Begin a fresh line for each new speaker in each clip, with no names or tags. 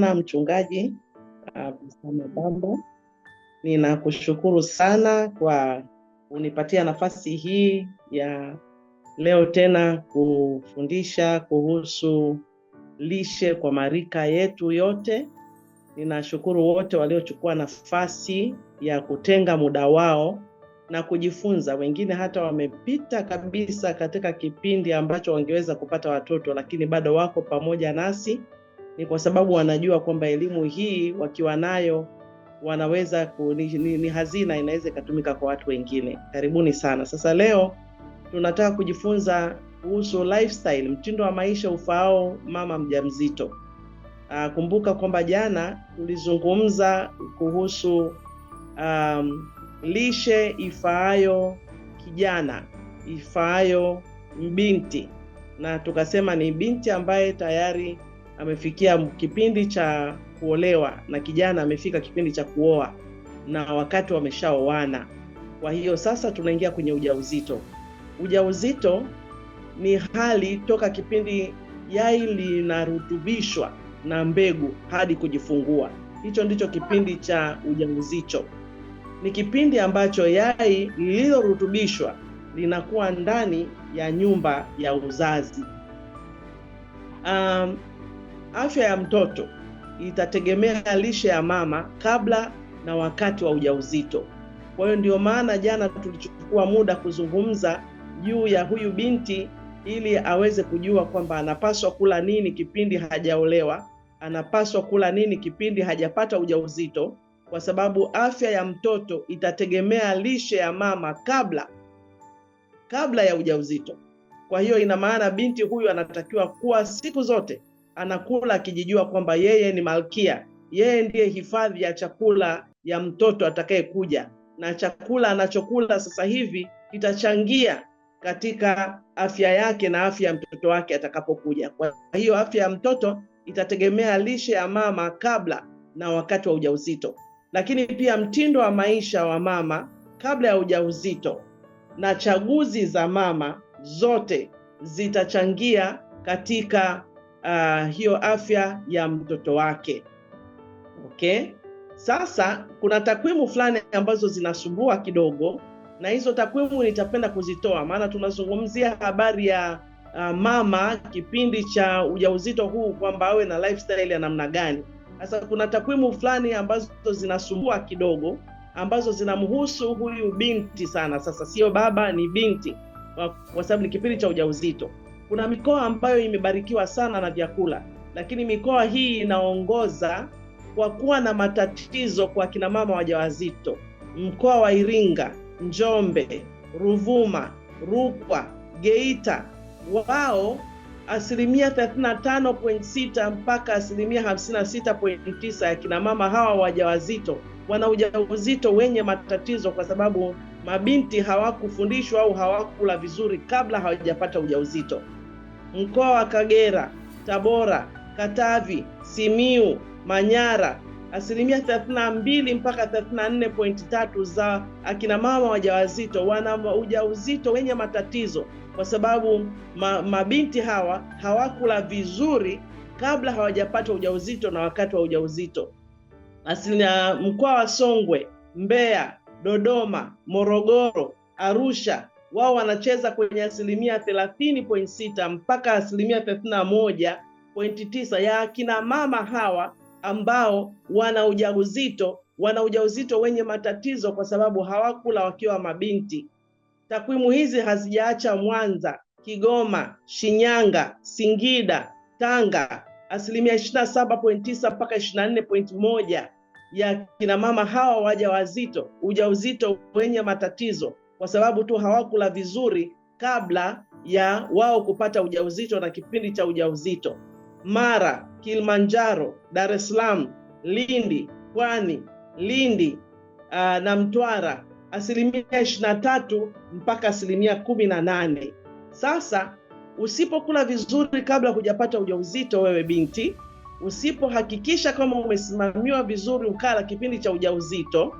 sana Mchungaji ah, Abdulswamad ninakushukuru sana kwa kunipatia nafasi hii ya leo tena kufundisha kuhusu lishe kwa marika yetu yote. Ninashukuru wote waliochukua nafasi ya kutenga muda wao na kujifunza. Wengine hata wamepita kabisa katika kipindi ambacho wangeweza kupata watoto, lakini bado wako pamoja nasi ni kwa sababu wanajua kwamba elimu hii wakiwa nayo wanaweza ku, ni, ni, ni hazina inaweza ikatumika kwa watu wengine. Karibuni sana. Sasa leo tunataka kujifunza kuhusu lifestyle, mtindo wa maisha ufaao mama mjamzito. Uh, kumbuka kwamba jana tulizungumza kuhusu um, lishe ifaayo kijana, ifaayo mbinti na tukasema ni binti ambaye tayari amefikia kipindi cha kuolewa na kijana amefika kipindi cha kuoa na wakati wameshaoana. Kwa hiyo sasa tunaingia kwenye ujauzito. Ujauzito ni hali toka kipindi yai linarutubishwa na mbegu hadi kujifungua. Hicho ndicho kipindi cha ujauzito. Ni kipindi ambacho yai lililorutubishwa linakuwa ndani ya nyumba ya uzazi. Um, Afya ya mtoto itategemea lishe ya mama kabla na wakati wa ujauzito. Kwa hiyo ndio maana jana tulichukua muda kuzungumza juu ya huyu binti ili aweze kujua kwamba anapaswa kula nini kipindi hajaolewa, anapaswa kula nini kipindi hajapata ujauzito, kwa sababu afya ya mtoto itategemea lishe ya mama kabla kabla ya ujauzito. Kwa hiyo ina maana binti huyu anatakiwa kuwa siku zote anakula akijijua kwamba yeye ni malkia, yeye ndiye hifadhi ya chakula ya mtoto atakayekuja, na chakula anachokula sasa hivi kitachangia katika afya yake na afya ya mtoto wake atakapokuja. Kwa hiyo afya ya mtoto itategemea lishe ya mama kabla na wakati wa ujauzito, lakini pia mtindo wa maisha wa mama kabla ya ujauzito na chaguzi za mama zote zitachangia katika uh, hiyo afya ya mtoto wake. Okay? Sasa kuna takwimu fulani ambazo zinasumbua kidogo, na hizo takwimu nitapenda kuzitoa, maana tunazungumzia habari ya uh, mama kipindi cha ujauzito huu kwamba awe na lifestyle ya namna gani. Sasa kuna takwimu fulani ambazo zinasumbua kidogo, ambazo zinamhusu huyu binti sana. Sasa sio baba, ni binti, kwa sababu ni kipindi cha ujauzito. Kuna mikoa ambayo imebarikiwa sana na vyakula, lakini mikoa hii inaongoza kwa kuwa na matatizo kwa kina mama wajawazito. Mkoa wa Iringa, Njombe, Ruvuma, Rukwa, Geita, wao asilimia 35.6 mpaka asilimia 56.9 ya kinamama hawa wajawazito wana ujauzito wenye matatizo, kwa sababu mabinti hawakufundishwa au hawakula vizuri kabla hawajapata ujauzito mkoa wa Kagera, Tabora, Katavi, Simiu, Manyara asilimia 32 mpaka 34.3 za akina mama wajawazito wana ujauzito wenye matatizo, kwa sababu ma, mabinti hawa hawakula vizuri kabla hawajapata ujauzito na wakati wa ujauzito. Asilimia mkoa wa Songwe, Mbeya, Dodoma, Morogoro, Arusha wao wanacheza kwenye asilimia 30.6 mpaka asilimia 31.9 ya akina mama hawa ambao wana ujauzito wana ujauzito wenye matatizo kwa sababu hawakula wakiwa mabinti. Takwimu hizi hazijaacha Mwanza, Kigoma, Shinyanga, Singida, Tanga, asilimia 27.9 mpaka 24.1 ya kina mama hawa waja wazito ujauzito wenye matatizo kwa sababu tu hawakula vizuri kabla ya wao kupata ujauzito na kipindi cha ujauzito. Mara, Kilimanjaro, Dar es Salaam, Lindi, Pwani, Lindi uh, na Mtwara asilimia ishirini na tatu mpaka asilimia kumi na nane. Sasa usipokula vizuri kabla hujapata ujauzito, wewe binti, usipohakikisha kama umesimamiwa vizuri ukala kipindi cha ujauzito,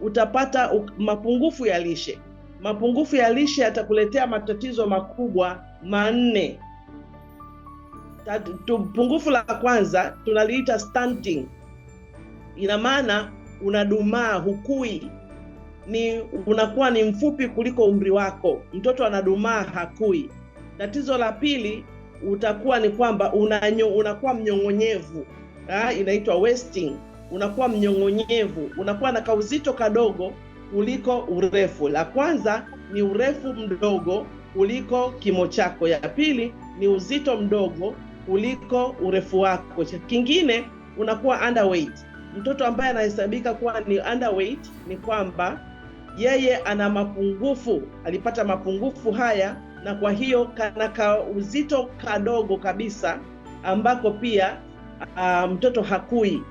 utapata mapungufu ya lishe mapungufu ya lishe yatakuletea matatizo makubwa manne. Pungufu la kwanza tunaliita stunting, ina maana unadumaa, hukui, ni unakuwa ni mfupi kuliko umri wako. Mtoto anadumaa, hakui. Tatizo la pili utakuwa ni kwamba unanyo, unakuwa mnyong'onyevu, ah, inaitwa wasting. Unakuwa mnyong'onyevu, unakuwa na kauzito kadogo kuliko urefu. La kwanza ni urefu mdogo kuliko kimo chako, ya pili ni uzito mdogo kuliko urefu wako. Kingine unakuwa underweight. Mtoto ambaye anahesabika kuwa ni underweight ni kwamba yeye ana mapungufu, alipata mapungufu haya, na kwa hiyo kana ka uzito kadogo kabisa ambako pia uh, mtoto hakui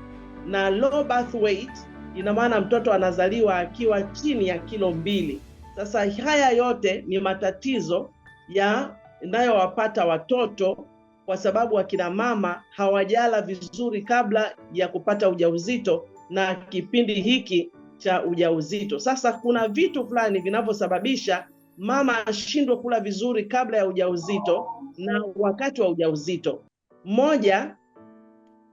na low birth weight Ina maana mtoto anazaliwa akiwa chini ya kilo mbili. Sasa haya yote ni matatizo yanayowapata watoto kwa sababu akina mama hawajala vizuri kabla ya kupata ujauzito na kipindi hiki cha ujauzito. Sasa kuna vitu fulani vinavyosababisha mama ashindwe kula vizuri kabla ya ujauzito na wakati wa ujauzito. Mmoja,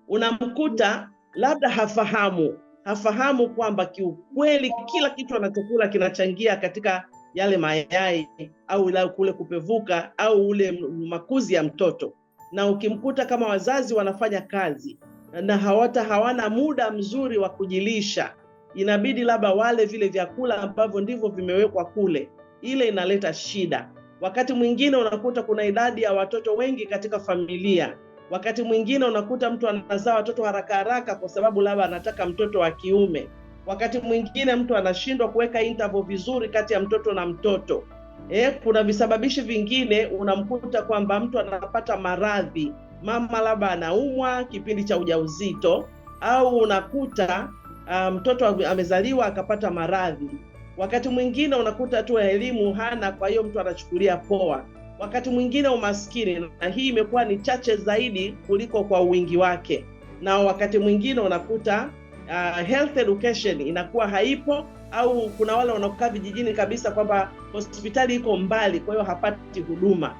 unamkuta labda hafahamu hafahamu kwamba kiukweli kila kitu anachokula kinachangia katika yale mayai au ila kule kupevuka au ule makuzi ya mtoto. Na ukimkuta kama wazazi wanafanya kazi na hawata hawana muda mzuri wa kujilisha, inabidi labda wale vile vyakula ambavyo ndivyo vimewekwa kule, ile inaleta shida. Wakati mwingine unakuta kuna idadi ya watoto wengi katika familia Wakati mwingine unakuta mtu anazaa watoto haraka haraka kwa sababu labda anataka mtoto wa kiume. Wakati mwingine mtu anashindwa kuweka interval vizuri kati ya mtoto na mtoto. Eh, kuna visababishi vingine unamkuta kwamba mtu anapata maradhi, mama labda anaumwa kipindi cha ujauzito, au unakuta ah, mtoto um, amezaliwa akapata maradhi. Wakati mwingine unakuta tu elimu hana, kwa hiyo mtu anachukulia poa wakati mwingine umaskini, na hii imekuwa ni chache zaidi kuliko kwa wingi wake, na wakati mwingine unakuta uh, health education inakuwa haipo, au kuna wale wanaokaa vijijini kabisa kwamba hospitali iko mbali, kwa hiyo hapati huduma.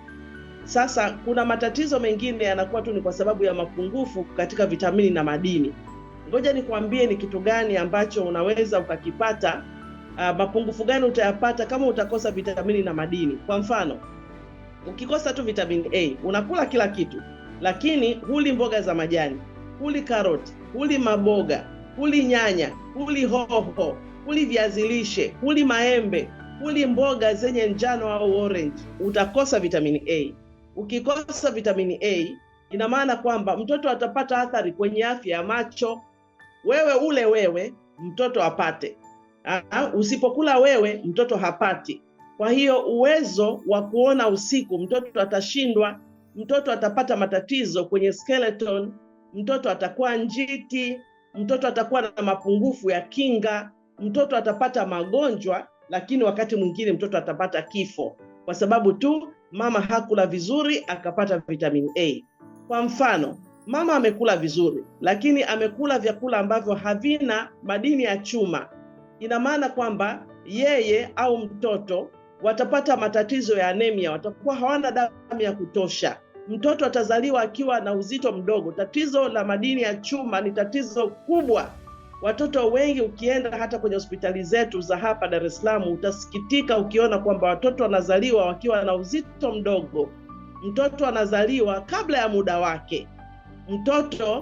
Sasa kuna matatizo mengine yanakuwa tu ni kwa sababu ya mapungufu katika vitamini na madini. Ngoja nikwambie ni kitu gani ambacho unaweza ukakipata, uh, mapungufu gani utayapata kama utakosa vitamini na madini. Kwa mfano ukikosa tu vitamin A unakula kila kitu, lakini huli mboga za majani, huli karoti, huli maboga, huli nyanya, huli hoho, huli viazi lishe, huli maembe, huli mboga zenye njano au orange, utakosa vitamin A. Ukikosa vitamin A ina maana kwamba mtoto atapata athari kwenye afya ya macho. Wewe ule wewe, mtoto apate. Aha, usipokula wewe, mtoto hapati. Kwa hiyo uwezo wa kuona usiku, mtoto atashindwa, mtoto atapata matatizo kwenye skeleton, mtoto atakuwa njiti, mtoto atakuwa na mapungufu ya kinga, mtoto atapata magonjwa, lakini wakati mwingine mtoto atapata kifo kwa sababu tu mama hakula vizuri akapata vitamin A. Kwa mfano, mama amekula vizuri, lakini amekula vyakula ambavyo havina madini ya chuma, ina maana kwamba yeye au mtoto watapata matatizo ya anemia, watakuwa hawana damu ya kutosha. Mtoto atazaliwa akiwa na uzito mdogo. Tatizo la madini ya chuma ni tatizo kubwa. Watoto wengi, ukienda hata kwenye hospitali zetu za hapa Dar es Salaam, utasikitika ukiona kwamba watoto wanazaliwa wakiwa na uzito mdogo. Mtoto anazaliwa kabla ya muda wake. Mtoto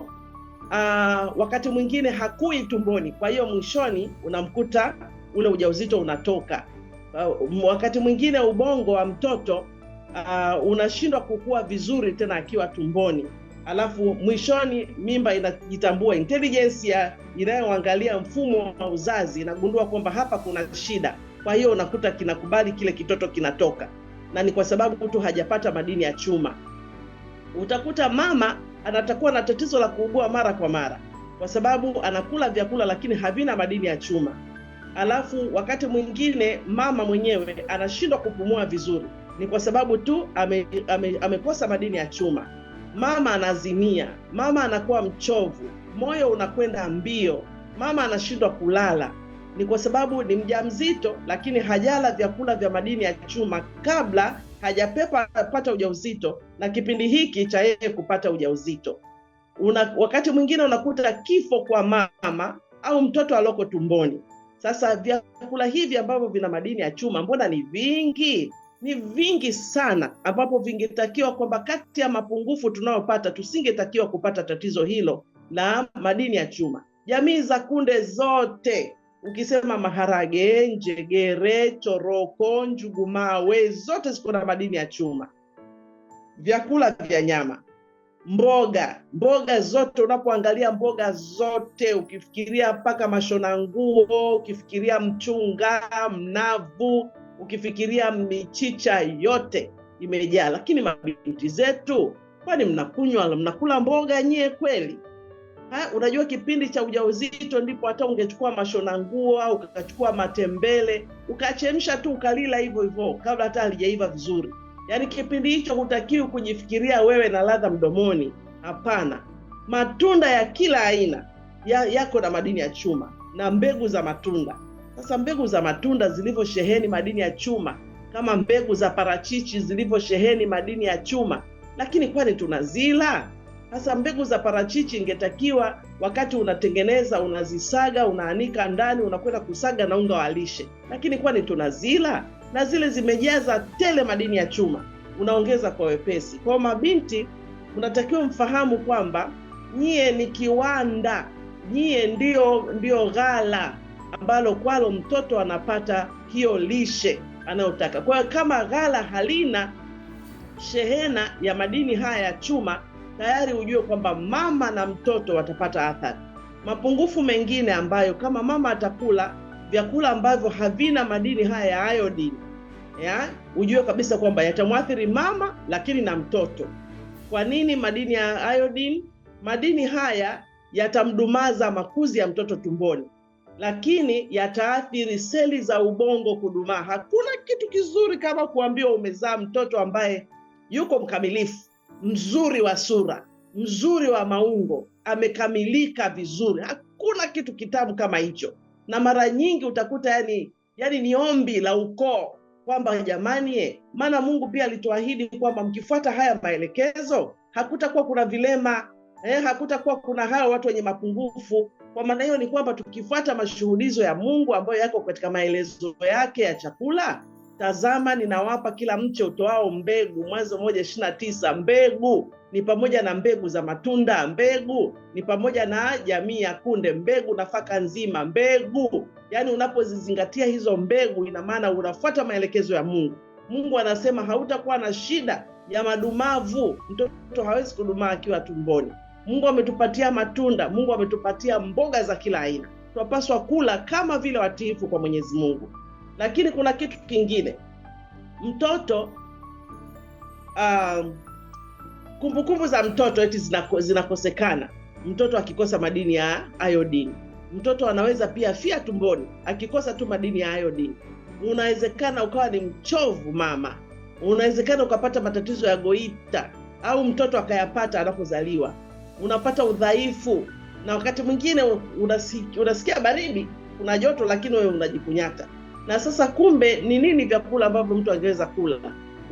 uh, wakati mwingine hakui tumboni, kwa hiyo mwishoni unamkuta ule ujauzito unatoka uh, wakati mwingine ubongo wa mtoto uh, unashindwa kukua vizuri tena akiwa tumboni alafu mwishoni mimba inajitambua intelligence inayoangalia mfumo wa uzazi inagundua kwamba hapa kuna shida kwa hiyo unakuta kinakubali kile kitoto kinatoka na ni kwa sababu mtu hajapata madini ya chuma utakuta mama anatakuwa na tatizo la kuugua mara kwa mara kwa sababu anakula vyakula lakini havina madini ya chuma alafu wakati mwingine mama mwenyewe anashindwa kupumua vizuri, ni kwa sababu tu ame, ame, amekosa madini ya chuma. Mama anazimia, mama anakuwa mchovu, moyo unakwenda mbio, mama anashindwa kulala, ni kwa sababu ni mja mzito lakini hajala vyakula vya madini ya chuma kabla hajapepa pata ujauzito na kipindi hiki cha yeye kupata ujauzito una, wakati mwingine unakuta kifo kwa mama au mtoto aloko tumboni sasa vyakula hivi ambavyo vina madini ya chuma, mbona ni vingi? Ni vingi sana, ambapo vingetakiwa kwamba kati ya mapungufu tunayopata, tusingetakiwa kupata tatizo hilo la madini ya chuma. Jamii za kunde zote ukisema maharage, njegere, choroko, njugumawe, zote ziko na madini ya chuma. Vyakula vya nyama mboga mboga zote, unapoangalia mboga zote, ukifikiria mpaka mashona nguo, ukifikiria mchunga, mnavu, ukifikiria michicha, yote imejaa. Lakini mabinti zetu, kwani mnakunywa mnakula mboga nyie kweli? Ha, unajua kipindi cha ujauzito ndipo hata ungechukua mashona nguo au ukachukua matembele ukachemsha tu ukalila hivyo hivyo kabla hata halijaiva vizuri. Yaani kipindi hicho hutakiwi kujifikiria wewe na ladha mdomoni. Hapana, matunda ya kila aina ya, yako na madini ya chuma na mbegu za matunda. Sasa mbegu za matunda zilivyosheheni madini ya chuma, kama mbegu za parachichi zilivyosheheni madini ya chuma, lakini kwani tunazila? Sasa mbegu za parachichi ingetakiwa wakati unatengeneza unazisaga, unaanika ndani, unakwenda kusaga na unga wa lishe, lakini kwani tunazila? na zile zimejaza tele madini ya chuma, unaongeza kwa wepesi. Kwa mabinti, unatakiwa mfahamu kwamba nyie ni kiwanda, nyie ndio ndio ghala ambalo kwalo mtoto anapata hiyo lishe anayotaka. Kwa hiyo kama ghala halina shehena ya madini haya ya chuma, tayari hujue kwamba mama na mtoto watapata athari. Mapungufu mengine ambayo kama mama atakula vyakula ambavyo havina madini haya ya iodine ya ujue kabisa kwamba yatamwathiri mama lakini na mtoto. Kwa nini madini ya iodine? Madini haya yatamdumaza makuzi ya mtoto tumboni, lakini yataathiri seli za ubongo kudumaa. Hakuna kitu kizuri kama kuambiwa umezaa mtoto ambaye yuko mkamilifu, mzuri wa sura, mzuri wa maungo, amekamilika vizuri. Hakuna kitu kitabu kama hicho na mara nyingi utakuta yani, yani ni ombi la ukoo kwamba jamani, eh, maana Mungu pia alituahidi kwamba mkifuata haya maelekezo hakutakuwa kuna vilema eh, hakutakuwa kuna hawa watu wenye mapungufu. Kwa maana hiyo ni kwamba tukifuata mashuhudizo ya Mungu ambayo yako katika maelezo yake ya chakula Tazama, ninawapa kila mche utoao mbegu. Mwanzo moja ishirini na tisa. Mbegu ni pamoja na mbegu za matunda, mbegu ni pamoja na jamii ya kunde, mbegu nafaka nzima, mbegu. Yaani unapozizingatia hizo mbegu, ina maana unafuata maelekezo ya Mungu. Mungu anasema hautakuwa na shida ya madumavu. Mtoto hawezi kudumaa akiwa tumboni. Mungu ametupatia matunda, Mungu ametupatia mboga za kila aina. Tunapaswa kula kama vile watiifu kwa Mwenyezi Mungu. Lakini kuna kitu kingine, mtoto uh, kumbukumbu za mtoto eti zinako, zinakosekana. Mtoto akikosa madini ya iodine, mtoto anaweza pia fia tumboni akikosa tu madini ya ayodini Unawezekana ukawa ni mchovu mama, unawezekana ukapata matatizo ya goita au mtoto akayapata anapozaliwa. Unapata udhaifu, na wakati mwingine unasikia, unasikia baridi, kuna joto, lakini wewe unajikunyata na sasa kumbe ni nini vyakula ambavyo mtu angeweza kula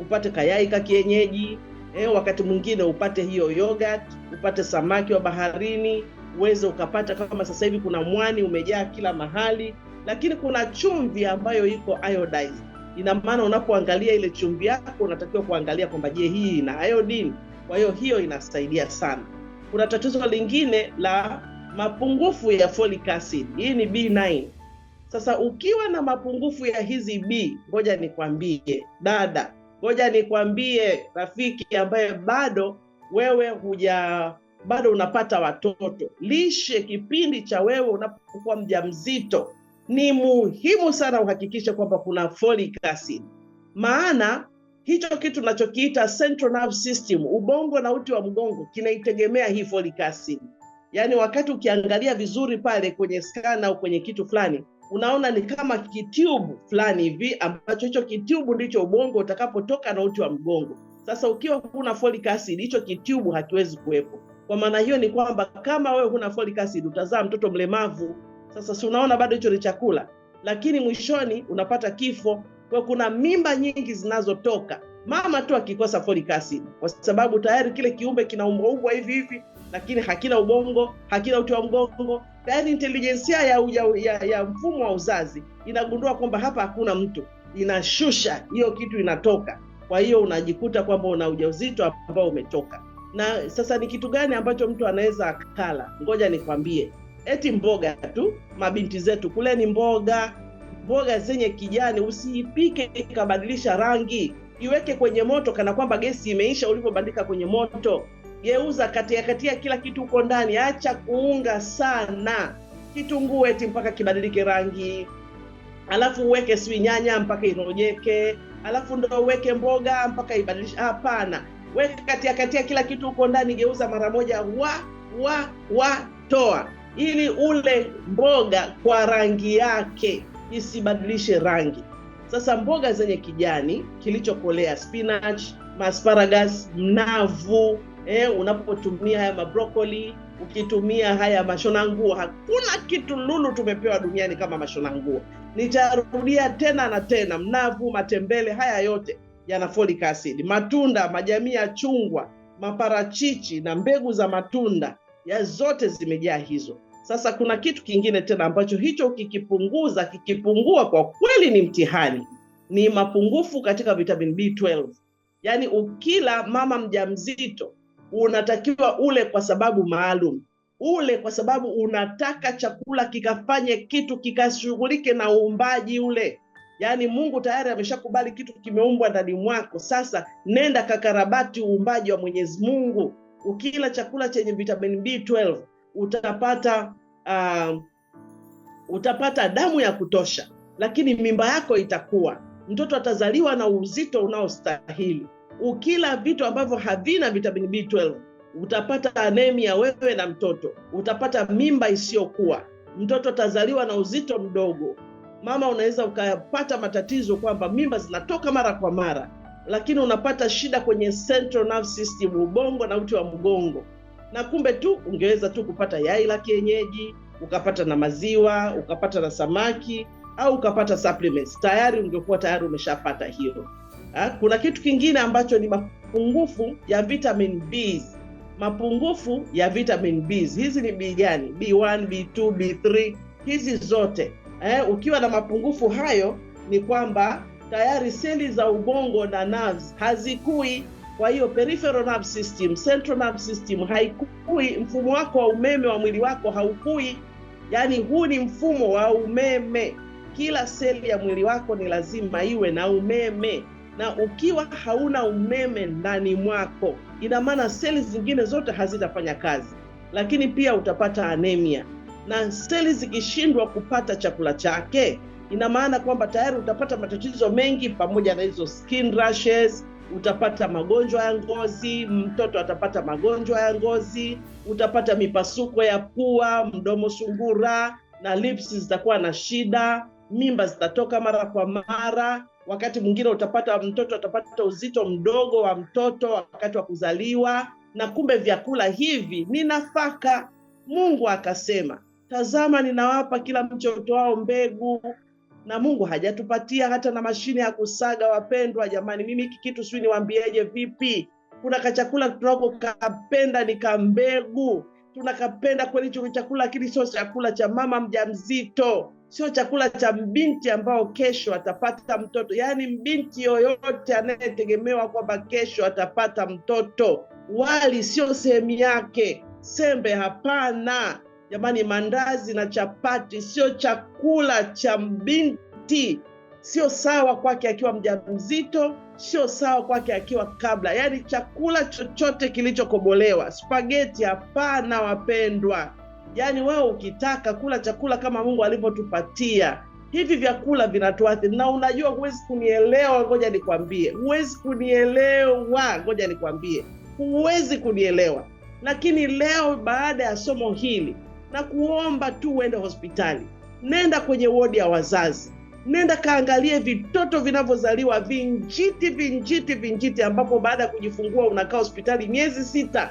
upate kayai ka kienyeji eh, wakati mwingine upate hiyo yogurt, upate samaki wa baharini uweze ukapata kama sasa hivi kuna mwani umejaa kila mahali, lakini kuna chumvi ambayo iko iodized. Ina maana unapoangalia ile chumvi yako unatakiwa kuangalia kwamba je, hii ina iodine? Kwa hiyo hiyo inasaidia sana. Kuna tatizo lingine la mapungufu ya folic acid, hii ni B9 sasa ukiwa na mapungufu ya hizi B, ngoja nikwambie dada, ngoja nikwambie rafiki ambaye bado wewe huja bado unapata watoto, lishe kipindi cha wewe unapokuwa mja mzito ni muhimu sana uhakikishe kwamba kuna acid, maana hicho kitu tunachokiita central nerve system, ubongo na uti wa mgongo, kinaitegemea hii acid. Yaani wakati ukiangalia vizuri pale kwenye scan au kwenye kitu fulani unaona ni kama kitiubu fulani hivi ambacho hicho kitubu ndicho ubongo utakapotoka na uti wa mgongo. Sasa ukiwa huna folic acid, hicho kitubu hakiwezi kuwepo. Kwa maana hiyo ni kwamba kama wewe huna folic acid utazaa mtoto mlemavu. Sasa si unaona bado hicho ni chakula, lakini mwishoni unapata kifo. Kwa kuna mimba nyingi zinazotoka mama tu akikosa folic acid, kwa sababu tayari kile kiumbe kinaumbwaumbwa hivi hivi lakini hakina ubongo, hakina uti wa mgongo. Yaani intelijensia ya, ya, ya, ya mfumo wa uzazi inagundua kwamba hapa hakuna mtu, inashusha hiyo kitu, inatoka. Kwa hiyo unajikuta kwamba una ujauzito ambao umetoka. Na sasa ni kitu gani ambacho mtu anaweza akala? Ngoja nikwambie, eti mboga tu. Mabinti zetu kuleni mboga, mboga zenye kijani, usiipike ikabadilisha rangi, iweke kwenye moto kana kwamba gesi imeisha ulipobandika kwenye moto geuza katia katia kila kitu huko ndani, acha kuunga sana kitunguu eti mpaka kibadilike rangi, alafu uweke sui nyanya mpaka irojeke, alafu ndo uweke mboga mpaka ibadilishe. Hapana, weka katia katia kila kitu huko ndani, geuza mara moja, wa wa wa toa, ili ule mboga kwa rangi yake isibadilishe rangi. Sasa mboga zenye kijani kilichokolea, spinach, masparagas mnavu eh, unapotumia haya mabrokoli, ukitumia haya mashona nguo. Hakuna kitu lulu tumepewa duniani kama mashona nguo. Nitarudia tena na tena, mnavu, matembele, haya yote yana folic acid. Matunda, majamii ya chungwa, maparachichi na mbegu za matunda ya zote zimejaa hizo. Sasa kuna kitu kingine tena ambacho hicho kikipunguza, kikipungua, kwa kweli ni mtihani, ni mapungufu katika vitamin B12. Yaani ukila mama mjamzito unatakiwa ule kwa sababu maalum, ule kwa sababu unataka chakula kikafanye kitu, kikashughulike na uumbaji ule. Yaani Mungu tayari ameshakubali kitu kimeumbwa ndani mwako. Sasa nenda kakarabati uumbaji wa Mwenyezi Mungu. Ukila chakula chenye vitamin B12 utapata uh, utapata damu ya kutosha, lakini mimba yako itakuwa, mtoto atazaliwa na uzito unaostahili ukila vitu ambavyo havina vitamin B12 utapata anemia wewe na mtoto, utapata mimba isiyokuwa, mtoto atazaliwa na uzito mdogo. Mama unaweza ukapata matatizo kwamba mimba zinatoka mara kwa mara, lakini unapata shida kwenye central system, ubongo na uti wa mgongo, na kumbe tu ungeweza tu kupata yai la kienyeji ukapata na maziwa ukapata na samaki au ukapata supplements, tayari ungekuwa tayari umeshapata hiyo. Ha, kuna kitu kingine ambacho ni mapungufu ya vitamin B, mapungufu ya vitamin B. Hizi ni B gani? B1, B2, B3 hizi zote ha? ukiwa na mapungufu hayo ni kwamba tayari seli za ubongo na nerves hazikui. Kwa hiyo peripheral nerve system, central nerve system haikui, mfumo wako wa umeme wa mwili wako haukui. Yaani huu ni mfumo wa umeme, kila seli ya mwili wako ni lazima iwe na umeme na ukiwa hauna umeme ndani mwako, ina maana seli zingine zote hazitafanya kazi, lakini pia utapata anemia. Na seli zikishindwa kupata chakula chake, ina maana kwamba tayari utapata matatizo mengi, pamoja na hizo skin rashes, utapata magonjwa ya ngozi, mtoto atapata magonjwa ya ngozi, utapata mipasuko ya pua, mdomo sungura, na lips zitakuwa na shida, mimba zitatoka mara kwa mara Wakati mwingine utapata mtoto atapata uzito mdogo wa mtoto wakati wa kuzaliwa, na kumbe vyakula hivi ni nafaka. Mungu akasema, tazama, ninawapa kila mche wao mbegu. Na Mungu hajatupatia hata na mashine ya kusaga. Wapendwa jamani, mimi hiki kitu sijui niwaambieje, vipi? Kuna kachakula tunako kapenda ni kambegu, tunakapenda kweli hicho chakula, lakini sio chakula cha mama mjamzito sio chakula cha mbinti ambao kesho atapata mtoto. Yaani mbinti yoyote anayetegemewa kwamba kesho atapata mtoto, wali sio sehemu yake, sembe hapana. Jamani, mandazi na chapati sio chakula cha mbinti, sio sawa kwake akiwa mzito sio sawa kwake akiwa kabla. Yaani chakula chochote kilichokobolewa, spageti hapana, wapendwa. Yaani wewe ukitaka kula chakula kama Mungu alivyotupatia hivi vyakula vinatuathiri, na unajua, huwezi kunielewa. Ngoja nikwambie, huwezi kunielewa. Ngoja nikwambie, huwezi kunielewa. Lakini leo baada ya somo hili, na kuomba tu uende hospitali, nenda kwenye wodi ya wazazi, nenda kaangalie vitoto vinavyozaliwa vinjiti, vinjiti, vinjiti, ambapo baada ya kujifungua unakaa hospitali miezi sita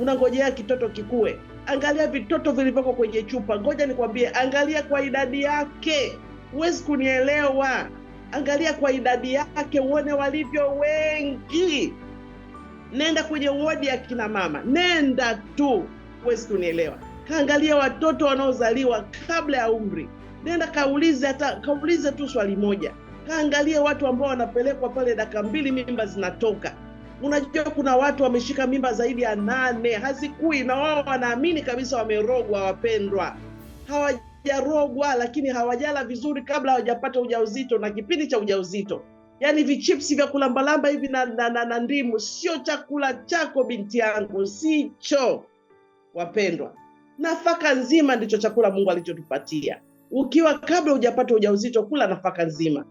unangojea kitoto kikue angalia vitoto vilivyoko kwenye chupa. Ngoja nikwambie, angalia kwa idadi yake. Huwezi kunielewa. Angalia kwa idadi yake, uone walivyo wengi. Nenda kwenye wodi ya kina mama, nenda tu, huwezi kunielewa. Kaangalia watoto wanaozaliwa kabla ya umri, nenda kaulize, hata kaulize tu swali moja. kaangalia watu ambao wanapelekwa pale, daka mbili mimba zinatoka Unajua kuna watu wameshika mimba zaidi ya nane hazikui, na wao wanaamini kabisa wamerogwa. Wapendwa, hawajarogwa, lakini hawajala vizuri kabla hawajapata ujauzito na kipindi cha ujauzito, yaani vichipsi vya kulambalamba hivi na, na, na, na ndimu sio chakula chako binti yangu, sicho wapendwa. Nafaka nzima ndicho chakula Mungu alichotupatia. Ukiwa kabla hujapata ujauzito, kula nafaka nzima.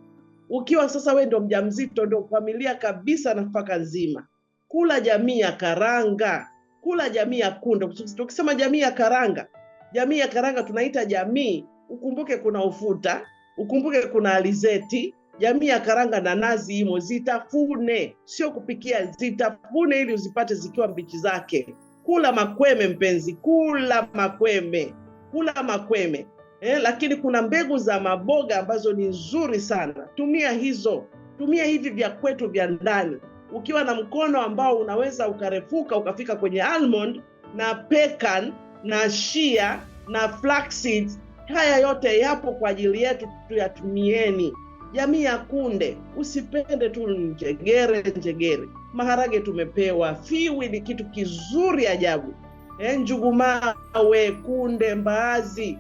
Ukiwa sasa we ndo mjamzito, ndo familia kabisa, nafaka nzima, kula jamii ya karanga, kula jamii ya kunde. Tukisema jamii ya karanga, jamii ya karanga tunaita jamii, ukumbuke kuna ufuta, ukumbuke kuna alizeti jamii ya karanga na nazi imo, zitafune, sio kupikia, zitafune ili uzipate zikiwa mbichi zake. Kula makweme mpenzi, kula makweme, kula makweme eh, lakini kuna mbegu za maboga ambazo ni nzuri sana. Tumia hizo, tumia hivi vya kwetu vya ndani. Ukiwa na mkono ambao unaweza ukarefuka ukafika kwenye almond na pecan na shia na flaxseed, haya yote yapo kwa ajili yetu, tuyatumieni. Jamii ya kunde, usipende tu njegere njegere. Maharage tumepewa, fiwi ni kitu kizuri ajabu, eh, njugumawe, kunde, mbaazi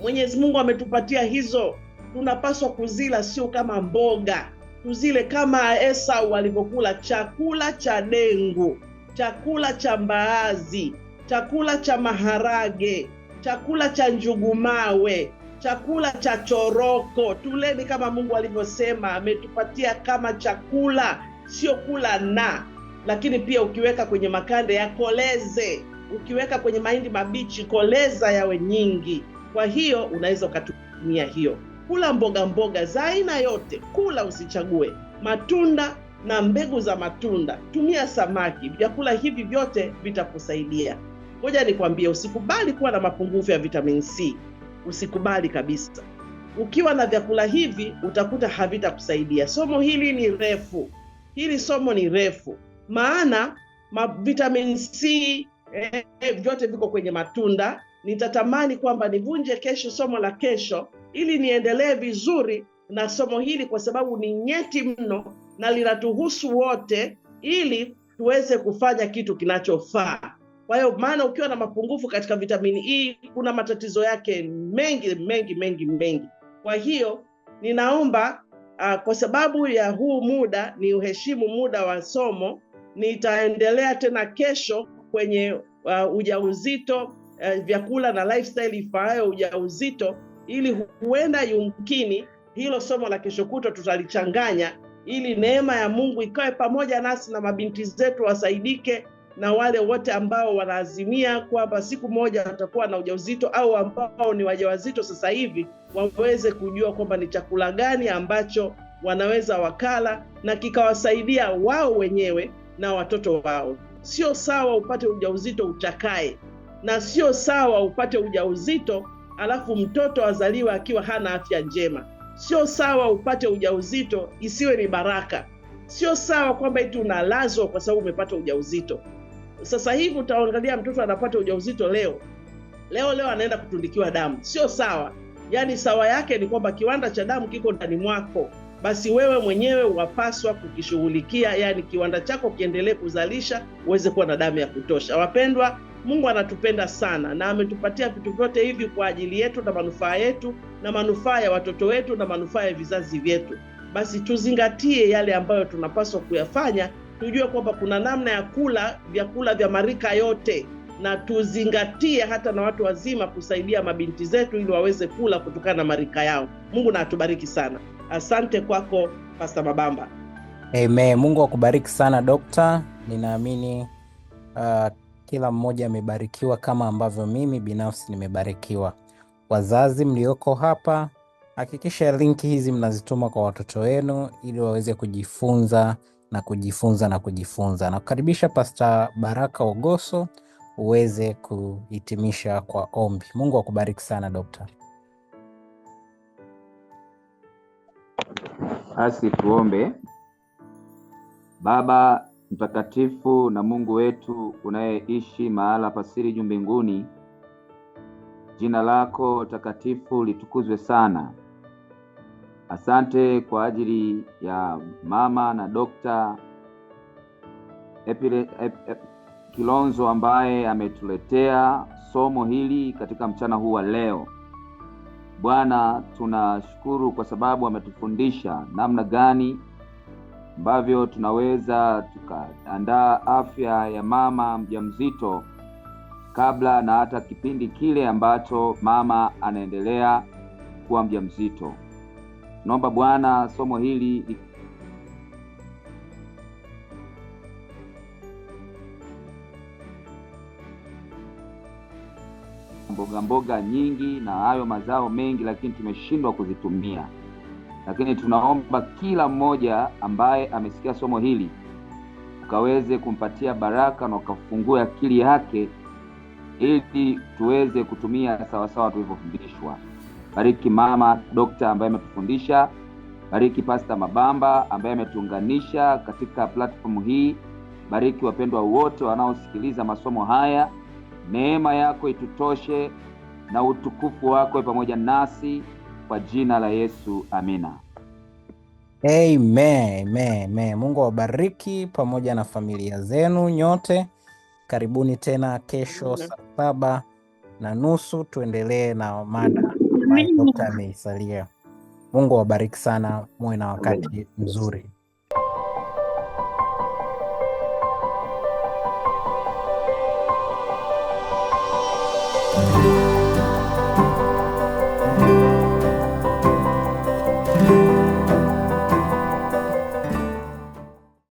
Mwenyezi Mungu ametupatia hizo, tunapaswa kuzila, sio kama mboga, tuzile kama Esau alivyokula chakula cha dengu, chakula cha mbaazi, chakula cha maharage, chakula cha njugu mawe, chakula cha choroko. Tuleni kama Mungu alivyosema, ametupatia kama chakula, sio kula na. Lakini pia ukiweka kwenye makande yakoleze, ukiweka kwenye mahindi mabichi koleza yawe nyingi. Kwa hiyo unaweza ukatumia hiyo. Kula mboga mboga za aina yote, kula usichague, matunda na mbegu za matunda, tumia samaki. Vyakula hivi vyote vitakusaidia. Ngoja nikwambie, usikubali kuwa na mapungufu ya vitamin C, usikubali kabisa. Ukiwa na vyakula hivi utakuta havitakusaidia. Somo hili ni refu, hili somo ni refu, maana ma vitamin C eh, vyote viko kwenye matunda nitatamani kwamba nivunje kesho somo la kesho ili niendelee vizuri na somo hili, kwa sababu ni nyeti mno na linatuhusu wote, ili tuweze kufanya kitu kinachofaa. Kwa hiyo maana, ukiwa na mapungufu katika vitamini E kuna matatizo yake mengi mengi mengi mengi. Kwa hiyo ninaomba uh, kwa sababu ya huu muda ni uheshimu muda wa somo. Nitaendelea tena kesho kwenye uh, ujauzito eh, vyakula na lifestyle ifaayo ujauzito, ili huenda yumkini hilo somo la kesho kutwa tutalichanganya, ili neema ya Mungu ikawe pamoja nasi na mabinti zetu wasaidike, na wale wote ambao wanaazimia kwamba siku moja watakuwa na ujauzito au ambao ni wajawazito sasa hivi waweze kujua kwamba ni chakula gani ambacho wanaweza wakala na kikawasaidia wao wenyewe na watoto wao. Sio sawa upate ujauzito uchakae na sio sawa upate ujauzito alafu mtoto azaliwe akiwa hana afya njema. Sio sawa upate ujauzito isiwe ni baraka. Sio sawa kwamba eti unalazwa kwa sababu umepata ujauzito. Sasa hivi utaangalia mtoto anapata ujauzito leo leo leo, anaenda kutundikiwa damu, sio sawa. Yaani sawa yake ni kwamba kiwanda cha damu kiko ndani mwako, basi wewe mwenyewe wapaswa kukishughulikia, yaani kiwanda chako kiendelee kuzalisha, uweze kuwa na damu ya kutosha. Wapendwa, Mungu anatupenda sana na ametupatia vitu vyote hivi kwa ajili yetu na manufaa yetu na manufaa ya watoto wetu na manufaa ya vizazi vyetu. Basi tuzingatie yale ambayo tunapaswa kuyafanya, tujue kwamba kuna namna ya kula vyakula vya marika yote, na tuzingatie hata na watu wazima kusaidia mabinti zetu ili waweze kula kutokana na marika yao. Mungu na atubariki sana. Asante kwako Pasta Mabamba.
Amen. Mungu akubariki sana dokta, ninaamini uh, kila mmoja amebarikiwa kama ambavyo mimi binafsi nimebarikiwa. Wazazi mlioko hapa, hakikisha linki hizi mnazituma kwa watoto wenu ili waweze kujifunza na kujifunza na kujifunza. Nakukaribisha Pasta Baraka Ogoso uweze kuhitimisha kwa ombi. Mungu akubariki sana dokta.
Basi tuombe. Baba Mtakatifu na Mungu wetu unayeishi mahala pasiri juu mbinguni, jina lako takatifu litukuzwe sana. Asante kwa ajili ya mama na Dokta Epile, Ep, Ep, Kilonzo ambaye ametuletea somo hili katika mchana huu wa leo. Bwana, tunashukuru kwa sababu ametufundisha namna gani ambavyo tunaweza tukaandaa afya ya mama mjamzito kabla na hata kipindi kile ambacho mama anaendelea kuwa mjamzito. Naomba Bwana somo hili mboga mboga nyingi na hayo mazao mengi, lakini tumeshindwa kuzitumia lakini tunaomba kila mmoja ambaye amesikia somo hili ukaweze kumpatia baraka na ukafungua akili yake ili tuweze kutumia sawasawa tulivyofundishwa. Bariki mama dokta ambaye ametufundisha, bariki Pasta Mabamba ambaye ametuunganisha katika platfomu hii, bariki wapendwa wote wanaosikiliza masomo haya. Neema yako itutoshe na utukufu wako pamoja nasi kwa jina la Yesu, amina.
Amen, amen, amen. Mungu awabariki pamoja na familia zenu nyote. Karibuni tena kesho saa saba na nusu tuendelee na mada ameisalia. Mungu awabariki sana, muwe na wakati mzuri.